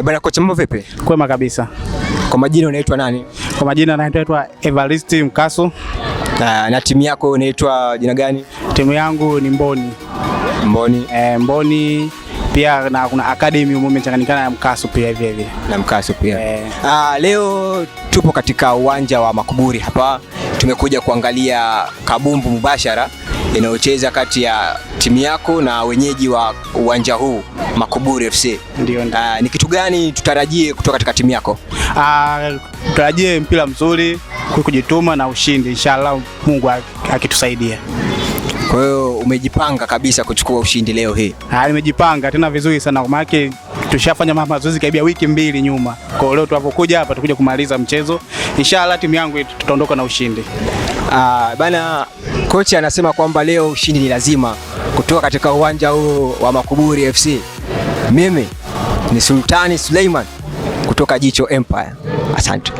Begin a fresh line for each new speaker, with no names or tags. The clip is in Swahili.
Eh, bwana kocha mambo vipi?
Kwema kabisa.
Kwa majina unaitwa nani?
Kwa majina naitwa Evaristi Mkaso.
Na, na timu yako inaitwa jina gani?
Timu yangu ni Mboni. Mboni. Eh, Mboni pia na kuna academy umechanganyikana na Mkaso pia hivi hivi.
Na Mkaso pia. Eh. Ah, leo tupo katika uwanja wa Makuburi hapa. Tumekuja kuangalia kabumbu mubashara inayocheza kati ya timu yako na wenyeji wa uwanja huu Makuburi FC.
Ndio. Uh,
ni kitu gani tutarajie kutoka katika timu yako?
Uh, tutarajie mpira mzuri, kujituma na ushindi inshallah, Mungu akitusaidia.
Kwa hiyo umejipanga kabisa kuchukua ushindi leo hii?
Ah, nimejipanga tena vizuri sana maana tushafanya mazoezi karibia wiki mbili nyuma. Kwa hiyo leo tunapokuja hapa tukuja kumaliza mchezo. Inshallah timu yangu tutaondoka na ushindi.
Ah, bana kocha anasema kwamba leo ushindi ni lazima kutoka katika uwanja huu wa Makuburi FC. Mimi ni Sultani Suleiman kutoka Jicho Empire. Asante.